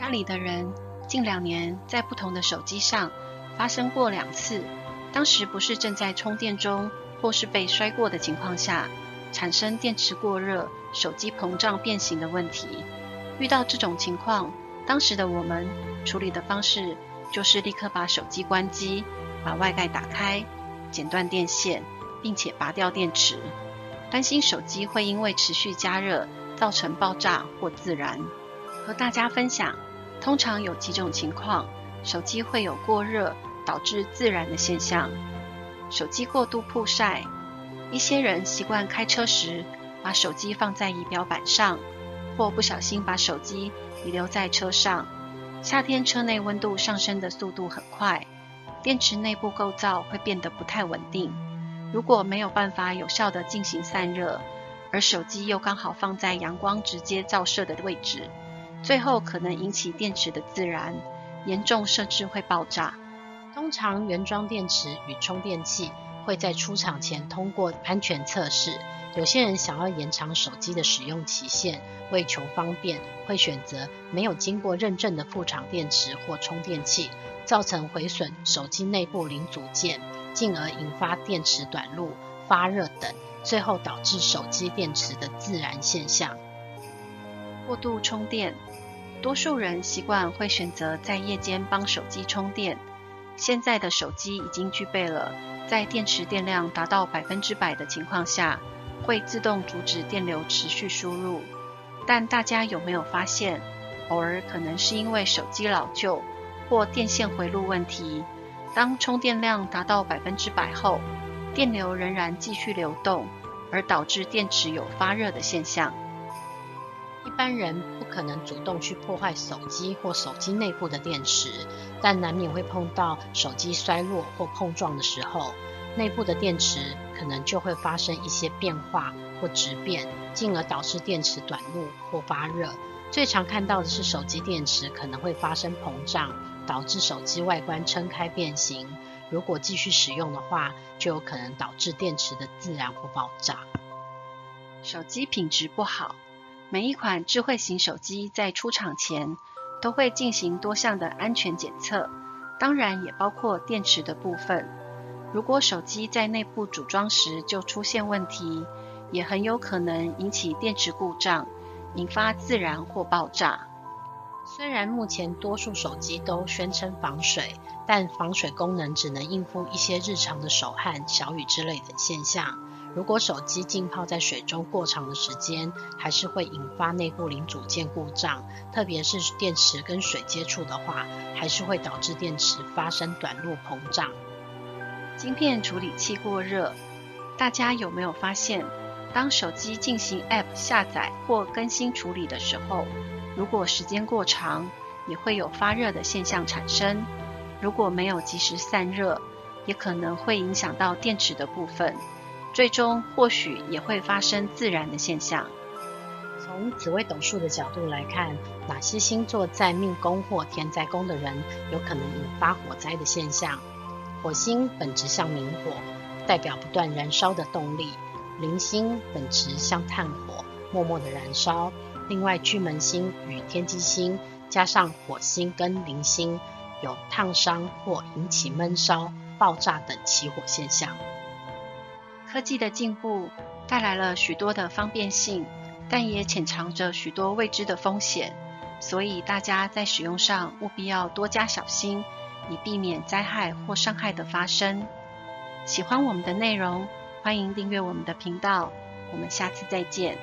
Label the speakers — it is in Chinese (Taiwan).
Speaker 1: 家裡的人近兩年在不同的手機上發生過兩次，當時不是正在充電中或是被摔過的情況下，產生電池過熱、手機膨脹變形的問題。遇到這種情況，當時的我們處理的方式就是立刻把手機關機，把外蓋打開，剪斷電線，並且拔掉電池，擔心手機會因為持續加熱造成爆炸或自燃。和大家分享。通常有幾種情況，手機會有過熱導致自燃的現象。手機過度曝曬，一些人習慣開車時把手機放在儀表板上，或不小心把手機遺留在車上。夏天車內溫度上升的速度很快，電池內部構造會變得不太穩定。如果沒有辦法有效地進行散熱，而手機又剛好放在陽光直接照射的位置。最後可能引起電池的自
Speaker 2: 燃，嚴重甚至會爆炸。通常原裝電池與充電器會在出廠前通過安全測試。有些人想要延長手機的使用期限，為求方便會選擇沒有經過認證的副廠電池或充電器，造成毀損手機內部零組件，進而引發電池短路、發熱等，最後導致手機電池的自燃現象。過度充電，多數人習慣會選
Speaker 1: 擇在夜間幫手機充電。現在的手機已經具備了在電池電量達到百分之百的情況下，會自動阻止電流持續輸入。但大家有沒有發現，偶爾可能是因為手機老舊或電線回路問題，當充電量達到百分之百後，電流仍然繼續流動，而導致電池有發熱的現
Speaker 2: 象。一般人不可能主動去破壞手機或手機內部的電池，但難免會碰到手機摔落或碰撞的時候，內部的電池可能就會發生一些變化或質變，進而導致電池短路或發熱。最常看到的是手機電池可能會發生膨脹，導致手機外觀撐開變形。如果繼續使用的話，就有可能導致電池的自燃或爆炸。手機品質
Speaker 1: 不好。每一款智慧型手機在出廠前都會進行多項的安全檢測，當然也包括電池的部分。如果手機在內部組裝時就出現問題，也很有可能引起電
Speaker 2: 池故障，引發自燃或爆炸。雖然目前多數手機都宣稱防水，但防水功能只能應付一些日常的手汗、小雨之類的現象。如果手機浸泡在水中過長的時間，還是會引發內部零組件故障，特別是電池跟水接觸的話，還是會導致電池發生短路膨脹。晶片
Speaker 1: 處理器過熱，大家有沒有發現，當手機進行 App 下載或更新處理的時候，如果時間過長，也會有發熱的現象產生。如果沒有及時散熱，也可能會影響到電池的部分。最終或許也會發生自燃的現象。
Speaker 2: 從紫微斗數的角度來看，哪些星坐在命宮或田宅宮的人有可能引發火災的現象？火星本質像明火，代表不斷燃燒的動力；鈴星本質像炭火，默默地燃燒。另外，巨門星與天機星加上火星跟鈴星，有燙傷或引起悶燒、爆炸等起火現象。
Speaker 1: 科技的進步帶來了許多的方便性，但也潛藏着許多未知的風險。所以大家在使用上務必要多加小心，以避免災害或傷害的發生。喜歡我們的內容，歡迎訂閱我們的頻道。我們下次再見。